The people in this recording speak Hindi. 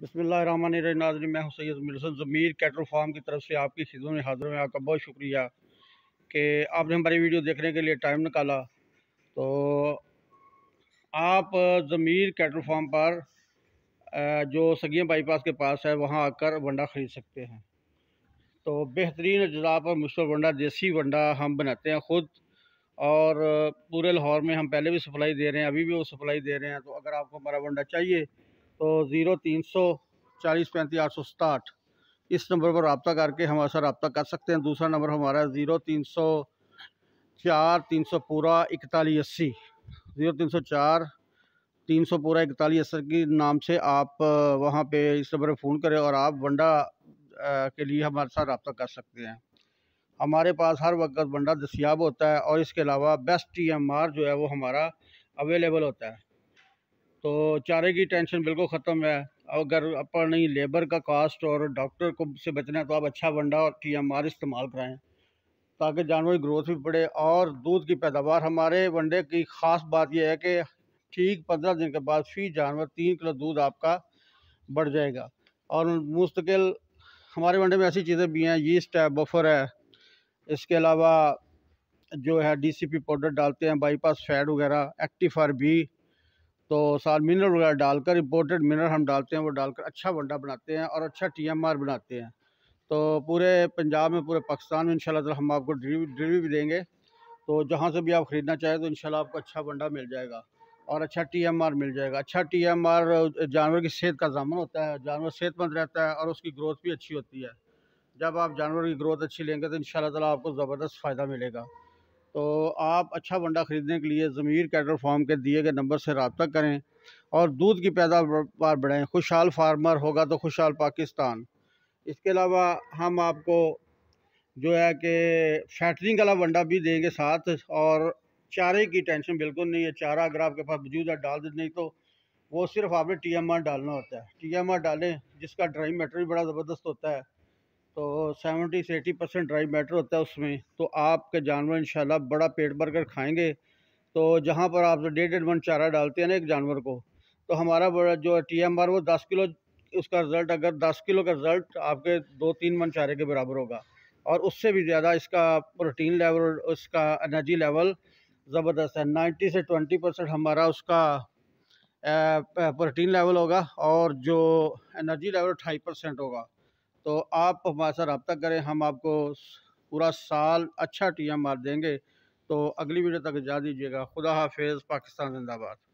बसमिल नाजरी मैं सैद मिलसन ज़मीर कैटल फार्म की तरफ से आपकी खिदों में हाजिर में आपका बहुत शुक्रिया कि आपने हमारी वीडियो देखने के लिए टाइम निकाला तो आप ज़मीर कैटल फार्म पर जो सगिया बाईपास के पास है वहाँ आकर वंडा ख़रीद सकते हैं तो बेहतरीन अज़ा पर मुश्तर वंडा देसी वंडा हम बनाते हैं ख़ुद और पूरे लाहौर में हम पहले भी सप्लाई दे रहे हैं अभी भी वो सप्लाई दे रहे हैं तो अगर आपको हमारा वंडा चाहिए तो ज़ीरो तीन सौ चालीस पैंतीस आठ सौ सताहठ इस नंबर पर रबता करके हमारे साथ रबता कर सकते हैं दूसरा नंबर हमारा ज़ीरो तीन सौ चार तीन सौ पूरा इकतालीस अस्सी ज़ीरो तीन सौ चार तीन सौ पूरा इकतालीस अस्सी के नाम से आप वहाँ पे इस नंबर पर फ़ोन करें और आप वंडा के लिए हमारे साथ रबता कर सकते हैं हमारे पास हर वक्त वंडा दस्तियाब होता है और इसके अलावा बेस्ट टी एम आर जो है वो हमारा अवेलेबल होता है तो चारे की टेंशन बिल्कुल ख़त्म है अगर अपनी लेबर का कास्ट और डॉक्टर को से बचना है तो आप अच्छा वंडा और टी एम आर इस्तेमाल कराएँ ताकि जानवर की ग्रोथ भी बढ़े और दूध की पैदावार हमारे वंडे की ख़ास बात यह है कि ठीक पंद्रह दिन के बाद फी जानवर तीन किलो दूध आपका बढ़ जाएगा और मुस्तकिल हमारे वंडे में ऐसी चीज़ें भी हैं यीस्ट है बफर है इसके अलावा जो है पी पाउडर डालते हैं बाईपास फैट वगैरह एक्टिफार बी तो साथ मिनरल वगैरह डालकर इम्पोर्टेड मिनरल हम डालते हैं वो डालकर अच्छा वंडा बनाते हैं और अच्छा टी एम आर बनाते हैं तो पूरे पंजाब में पूरे पाकिस्तान में इनशाला हम आपको डिलीवरी भी देंगे तो जहाँ से भी आप ख़रीदना चाहें तो इनशाला आपको अच्छा वंडा मिल जाएगा और अच्छा टी एम आर मिल जाएगा अच्छा टी एम आर जानवर की सेहत का जामन होता है जानवर सेहतमंद रहता है और उसकी ग्रोथ भी अच्छी होती है जब आप जानवर की ग्रोथ अच्छी लेंगे तो इन शाला आपको ज़बरदस्त फ़ायदा मिलेगा तो आप अच्छा वंडा ख़रीदने के लिए ज़मीर कैटल फार्म के दिए गए नंबर से रबता करें और दूध की पैदावार बढ़ाएँ खुशहाल फार्मर होगा तो खुशहाल पाकिस्तान इसके अलावा हम आपको जो है कि फैटरिंग वाला वंडा भी देंगे साथ और चारे की टेंशन बिल्कुल नहीं है चारा अगर आपके पास मौजूद है डाल दें नहीं तो वो सिर्फ आपने टी एम आर डालना होता है टी एम आर डालें जिसका ड्राइंग मटेरियल बड़ा ज़बरदस्त होता है तो सेवेंटी से एटी परसेंट ड्राई मैटर होता है उसमें तो आपके जानवर इंशाल्लाह बड़ा पेट भर कर खाएँगे तो जहाँ पर आप डेढ़ डेढ़ मन चारा डालते हैं ना एक जानवर को तो हमारा बड़ा जो टी एम आर वो दस किलो उसका रिज़ल्ट अगर दस किलो का रिज़ल्ट आपके दो तीन मन चारे के बराबर होगा और उससे भी ज़्यादा इसका प्रोटीन लेवल उसका एनर्जी लेवल ज़बरदस्त है नाइन्टी से ट्वेंटी परसेंट हमारा उसका प्रोटीन लेवल होगा और जो एनर्जी लेवल ढाई परसेंट होगा तो आप हमारे साथ रबता करें हम आपको पूरा साल अच्छा टी एम आर देंगे तो अगली वीडियो तक जा दीजिएगा खुदा हाफिज़ पाकिस्तान जिंदाबाद